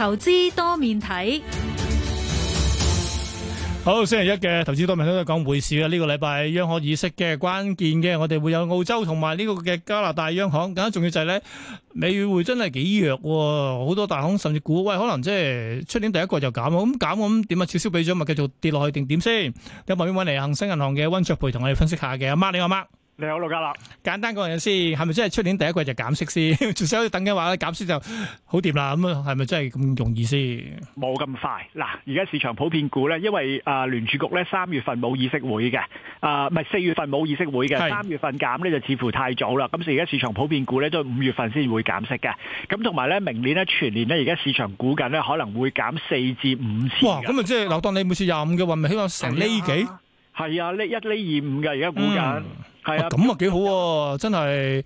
投資多面睇，好星期一嘅投資多面睇都講匯市啊！呢、這個禮拜央行議息嘅關鍵嘅，我哋會有澳洲同埋呢個嘅加拿大央行。更加重要就係咧，美匯真係幾弱，好多大行甚至股，喂，可能即係出年第一個就減咁減咁點啊？取消俾咗咪繼續跌落去定點先？有冇邊位嚟恒生銀行嘅温灼培同我哋分析下嘅？阿孖，你阿孖。你好，陸家樂。簡單講陣先，係咪真係出年第一季就減息先？仲想等緊話咧，減息就好掂啦。咁啊，係咪真係咁容易先？冇咁快。嗱，而家市場普遍估咧，因為啊聯儲局咧三月份冇議息會嘅，啊唔係四月份冇議息會嘅，三月份減咧就似乎太早啦。咁所以而家市場普遍估咧都五月份先會減息嘅。咁同埋咧，明年咧全年咧，而家市場估緊咧可能會減四至五次。哇！咁啊，即係嗱，當你每次廿五嘅話，咪起碼成呢幾？係啊，呢一厘二五嘅，而家估緊。咁啊，幾好喎！真係。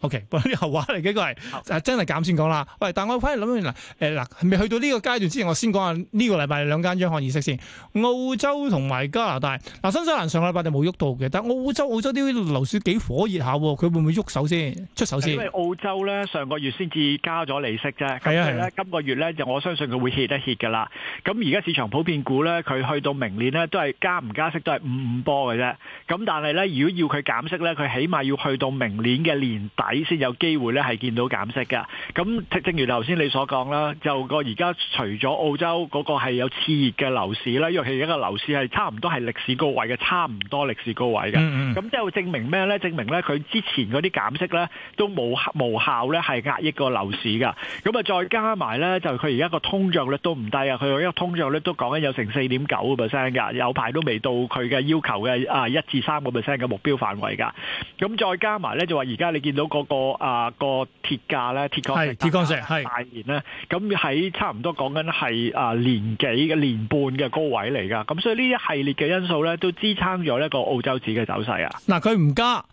O.K.，嗰啲後話嚟嘅，佢係真係減先講啦。喂，但係我反而諗住嗱，誒嗱，未去到呢個階段之前，我先講下呢個禮拜兩間央行議息先。澳洲同埋加拿大，嗱，新西蘭上個禮拜就冇喐到嘅，但係澳洲澳洲啲樓市幾火熱下喎，佢會唔會喐手先出手先？因為澳洲咧上個月先至加咗利息啫，咁所以咧今個月咧就我相信佢會歇一歇㗎啦。咁而家市場普遍估咧，佢去到明年咧都係加唔加息都係五五波嘅啫。咁但係咧，如果要佢減息咧，佢起碼要去到明年嘅年底。睇先有機會咧，係見到減息嘅。咁正如頭先你所講啦，就個而家除咗澳洲嗰個係有熾熱嘅樓市啦，因為佢而家個樓市係差唔多係歷史高位嘅，差唔多歷史高位嘅。咁即係證明咩呢？證明呢，佢之前嗰啲減息呢都無無效呢係壓抑個樓市㗎。咁啊，再加埋呢，就佢而家個通脹率都唔低啊！佢個通脹率都講緊有成四點九個 percent 㗎，有排都未到佢嘅要求嘅啊一至三個 percent 嘅目標範圍㗎。咁再加埋呢，就話而家你見到個。嗰、嗰個啊、個鐵價咧，鐵礦石，石，鐵礦石，係大年咧。咁喺差唔多講緊係啊年幾嘅年半嘅高位嚟㗎。咁所以呢一系列嘅因素咧，都支撐咗一個澳洲紙嘅走勢啊。嗱，佢唔加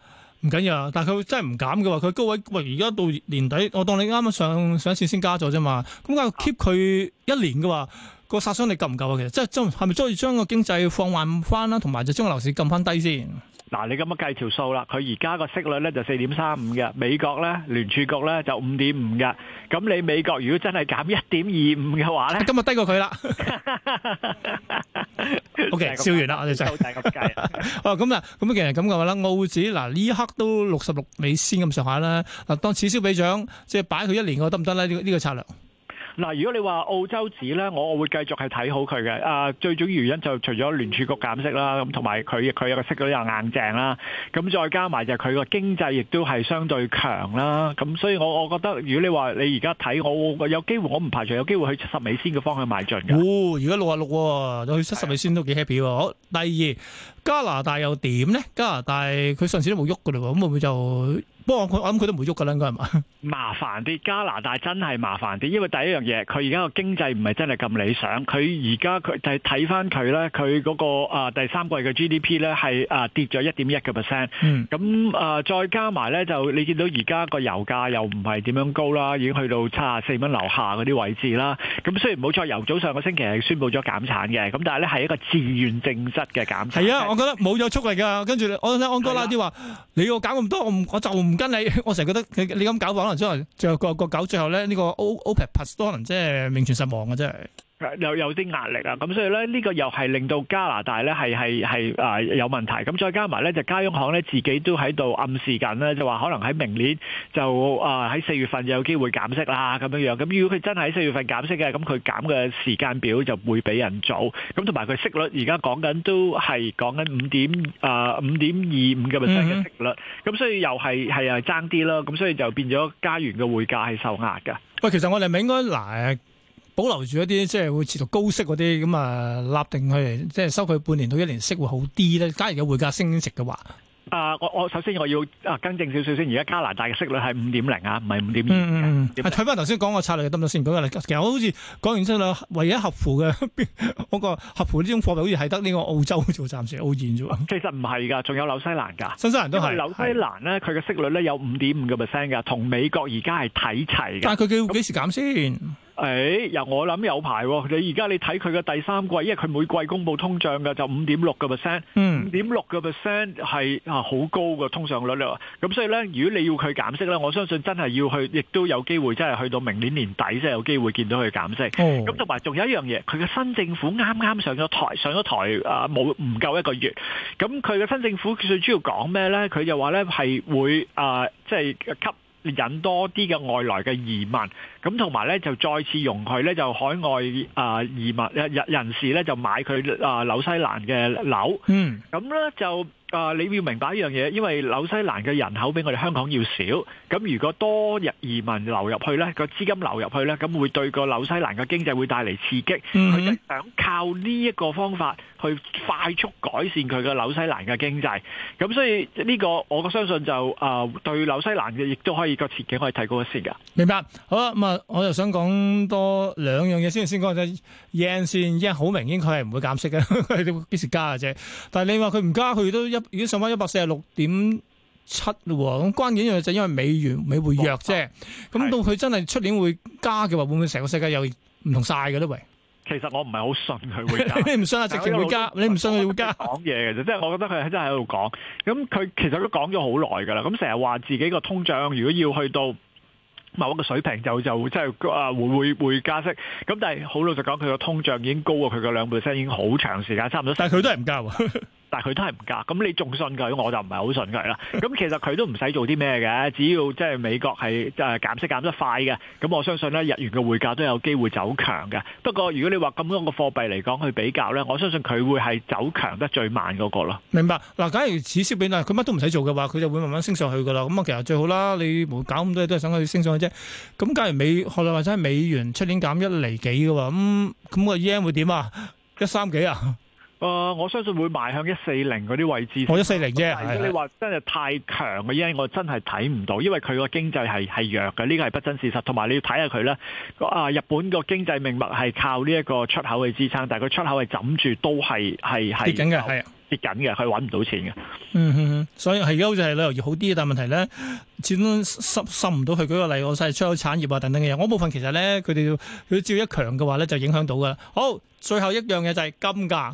唔緊要啊，但係佢真係唔減嘅話，佢高位喂而家到年底，我當你啱啱上上一次先加咗啫嘛。咁啊 keep 佢一年嘅話，個殺傷力夠唔夠啊？其實即係將係咪將要將個經濟放慢返啦，同埋就將樓市撳返低先。嗱，你咁樣計條數啦，佢而家個息率咧就四點三五嘅，美國咧聯儲局咧就五點五嘅，咁你美國如果真係減一點二五嘅話咧，啊，今日低過佢啦。 OK. 笑完啦，我哋就係咁計。哦，咁啊，咁其實咁嘅話啦，澳紙嗱呢一刻都六十六美仙咁上下啦，嗱，當此消彼長，即係擺佢一年我得唔得咧？呢個呢個策略。嗱，如果你話澳洲紙呢，我會繼續係睇好佢嘅。啊，最主要原因就除咗聯儲局減息啦，咁同埋佢佢一個息率又硬淨啦，咁、啊、再加埋就係佢個經濟亦都係相對強啦。咁、啊、所以我我覺得，如果你話你而家睇好，有機會，我唔排除有機會去七十美仙嘅方向買進嘅。哦，而家六啊六，去七十美仙都幾 happy。好，第二。加拿大又點呢？加拿大佢上次都冇喐噶嘞喎，咁會唔會就？不過我諗佢都冇喐噶啦，應該係嘛？麻煩啲，加拿大真係麻煩啲，因為第一樣嘢佢而家個經濟唔係真係咁理想。佢而家佢就係睇翻佢咧，佢嗰、那個啊、呃、第三季嘅 GDP 咧係啊、呃、跌咗一點一嘅 percent。咁啊、嗯呃、再加埋咧就你見到而家個油價又唔係點樣高啦，已經去到七十四蚊樓下嗰啲位置啦。咁雖然冇錯，油早上個星期係宣布咗減產嘅，咁但係咧係一個自願性質嘅減產。係啊。我覺得冇咗出嚟㗎，跟住我聽安哥拉啲話，你要搞咁多，我我就唔跟你。我成日覺得你你咁搞法，可能最後最後個最後咧呢、呢個 O, OPEC Plus 都可能即係名存實亡㗎、啊，真係。又有啲壓力啊！咁所以咧，呢個又係令到加拿大咧係係係啊有問題。咁再加埋咧，就加央行咧自己都喺度暗示緊咧，就話可能喺明年就啊喺四月份就有機會減息啦咁樣樣。咁如果佢真係喺四月份減息嘅，咁佢減嘅時間表就會俾人做。咁同埋佢息率而家講緊都係講緊五點啊五點二五嘅 percent 嘅息率。咁所以又係係啊爭啲咯。咁所以就變咗加元嘅匯價係受壓嘅。喂，其實我哋咪應該嗱？保留住一啲，即係會持續高息嗰啲咁啊，立定佢嚟，即係收佢半年到一年息會好啲咧。假如有匯價升值嘅話，啊，我我首先我要啊，更正少少先。而家加拿大嘅息率係五點零啊，唔係五點二嘅。嗯嗯嗯。睇翻頭先講個策略得唔得先？唔該你。其實我好似講完之後，唯一合符嘅邊個合符呢種貨幣，好似係得呢個澳洲做暫時澳元啫喎。其實唔係㗎，仲有紐西蘭㗎。紐西蘭都係。紐西蘭咧，佢嘅息率咧有五點五個 percent 㗎，同的美國而家係睇齊嘅。但係佢要幾時減先？誒，由、哎、我諗有排喎。你而家你睇佢嘅第三季，因為佢每季公布通脹嘅就五點六個 percent，五點六個 percent 係啊好高嘅通脹率咧。咁所以呢，如果你要佢減息呢，我相信真係要去，亦都有機會真係去到明年年底先有機會見到佢減息。咁同埋仲有一樣嘢，佢嘅新政府啱啱上咗台，上咗台啊冇唔夠一個月，咁佢嘅新政府最主要講咩呢？佢就話呢係會即係、呃即係、吸。引多啲嘅外來嘅移民，咁同埋咧就再次容許咧就海外啊、呃、移民啊人、呃、人士咧就買佢啊紐西蘭嘅樓，嗯，咁咧就。啊！你要明白一樣嘢，因為紐西蘭嘅人口比我哋香港要少，咁如果多日移民流入去咧，個資金流入去咧，咁會對個紐西蘭嘅經濟會帶嚟刺激。佢想靠呢一個方法去快速改善佢嘅紐西蘭嘅經濟。咁所以呢個我相信就啊，對紐西蘭嘅亦都可以個前景可以提高一線㗎。明白。好啦，咁啊，我就想講多兩樣嘢先，先講就 yen 先，yen 好明顯佢係唔會減息嘅，佢幾時加嘅啫？但係你話佢唔加，佢都一。已經上翻一百四十六點七咯喎，咁關鍵一樣就係因為美元美匯弱啫，咁到佢真係出年會加嘅話，會唔會成個世界又唔同晒噶咧？喂，其實我唔係好信佢會加。你唔信啊？直情會加，你唔信佢會加？講嘢嘅啫，即係我覺得佢真係喺度講。咁佢其實都講咗好耐噶啦，咁成日話自己個通脹如果要去到某個水平，就就即係啊會會會加息。咁但係好老實講，佢個通脹已經高過佢個兩倍身，已經好長時間差唔多。但係佢都係唔加。佢都係唔加，咁你仲信佢，我就唔係好信佢啦。咁其實佢都唔使做啲咩嘅，只要即係美國係即係減息減得快嘅，咁我相信咧，日元嘅匯價都有機會走強嘅。不過如果你話咁樣嘅貨幣嚟講去比較咧，我相信佢會係走強得最慢嗰個咯。明白嗱，假如此消俾啦，佢乜都唔使做嘅話，佢就會慢慢升上去噶啦。咁啊，其實最好啦，你冇搞咁多嘢，都係想去升上去啫。咁假如美可能或者係美元出年減一厘幾嘅話，咁、嗯、咁、那個 yen 會點啊？一三幾啊？誒、呃，我相信會邁向一四零嗰啲位置。我一四零啫，是的你話真係太強嘅，因為我真係睇唔到，因為佢個經濟係係弱嘅，呢個係不真事實。同埋你要睇下佢咧，啊，日本個經濟命脈係靠呢一個出口去支撐，但係佢出口係枕住都係係係跌緊嘅，係跌緊嘅，係揾唔到錢嘅。嗯，所以係而家好似係旅遊業好啲，但係問題咧，始終滲滲唔到佢。舉個例，我係出口產業啊等等嘅嘢，我部分其實咧佢哋要佢只要一強嘅話咧，就影響到噶啦。好，最後一樣嘢就係金價。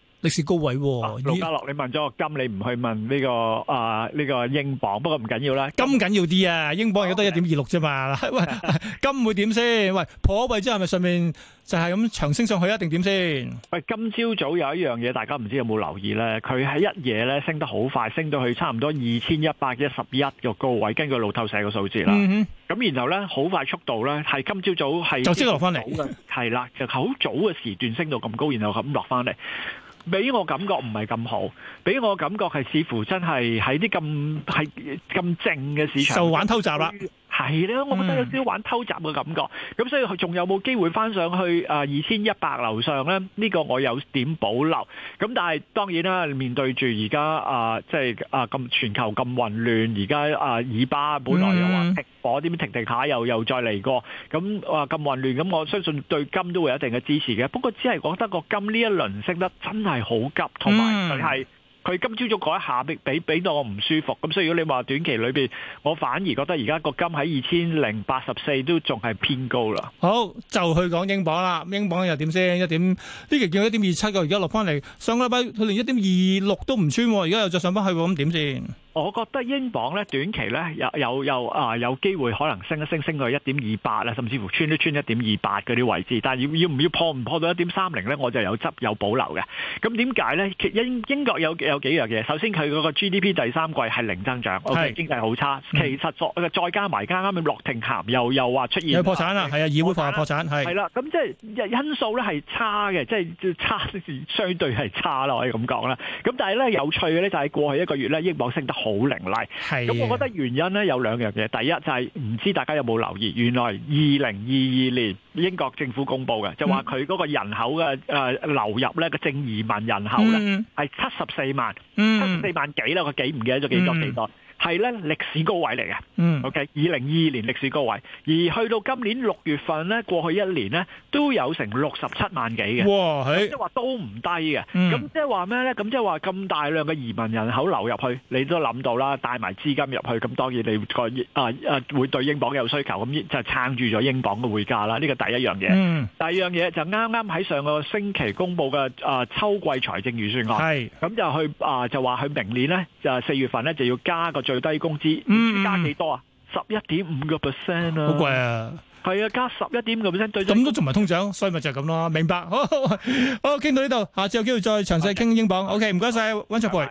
歷史高位喎，盧嘉樂，你問咗個金，你唔去問呢個啊呢個英鎊，不過唔緊要啦，金緊要啲啊，英鎊而家得一點二六啫嘛。喂，金會點先？喂，破咗位之後係咪上面就係咁長升上去啊？定點先？喂，今朝早有一樣嘢，大家唔知有冇留意咧？佢喺一夜咧升得好快，升到去差唔多二千一百一十一個高位，根據路透社個數字啦。咁然後咧，好快速度咧，係今朝早係就即刻落翻嚟，係啦，就好早嘅時段升到咁高，然後咁落翻嚟。俾我感覺唔係咁好，俾我感覺係似乎真係喺啲咁係咁正嘅市場就玩偷襲啦。係咧，我覺得有少少玩偷襲嘅感覺，咁、嗯、所以佢仲有冇機會翻上去啊二千一百樓上咧？呢、呢個我有點保留。咁但係當然啦，面對住而家啊，即係啊咁全球咁混亂，而家以巴本來又話我點停火，停下又又再嚟過，咁啊咁混亂，咁我相信對金都會有一定嘅支持嘅。不過只係覺得個金呢一輪升得真係好急，同埋係。嗯佢今朝早改下，俾俾俾到我唔舒服。咁所以如果你話短期裏邊，我反而覺得而家個金喺二千零八十四都仲係偏高啦。好，就去講英鎊啦。英鎊又點先？一點呢期見到一點二七嘅，而家落翻嚟。上個禮拜佢連一點二六都唔穿，而家又再上翻去，咁點先？我覺得英鎊咧短期咧有有有啊有機會可能升一升升到一點二八啦，甚至乎穿都穿一點二八嗰啲位置。但係要要唔要破唔破到一點三零咧，我就有執有保留嘅。咁點解咧？英英國有有幾樣嘢，首先佢嗰個 GDP 第三季係零增長是，OK 經濟好差。嗯、其實再加埋啱啱嘅諾定咸又又話出現破產啦，係啊議會破產破產係。係啦，咁即係因素咧係差嘅，即係差相對係差啦，我可以咁講啦。咁但係咧有趣嘅咧就係過去一個月咧，英鎊升得。好凌厲，咁我覺得原因呢有兩樣嘢，第一就係唔知大家有冇留意，原來二零二二年英國政府公布嘅，就話佢嗰個人口嘅誒流入呢個正移民人口呢係七十四萬，七十四萬幾啦，佢記唔記得咗幾多幾多。係咧歷史高位嚟嘅，嗯，OK，二零二二年歷史高位，而去到今年六月份咧，過去一年咧都有成六十七萬幾嘅，哇，即係話都唔低嘅，咁即係話咩咧？咁即係話咁大量嘅移民人口流入去，你都諗到啦，帶埋資金入去，咁當然你個啊啊會對英鎊有需求，咁就撐住咗英鎊嘅匯價啦。呢個第一樣嘢，第二樣嘢就啱啱喺上個星期公布嘅啊秋季財政預算案，係咁就去啊就話佢明年咧就係四月份咧就要加個。最低工資，唔知加幾多啊？十一點五個 percent 啊，好貴啊！係啊，加十一點五個 percent，對咗咁都仲唔係通脹？所以咪就係咁咯，明白？好好，傾到呢度，下次有機會再詳細傾英鎊。OK，唔該晒溫灼培。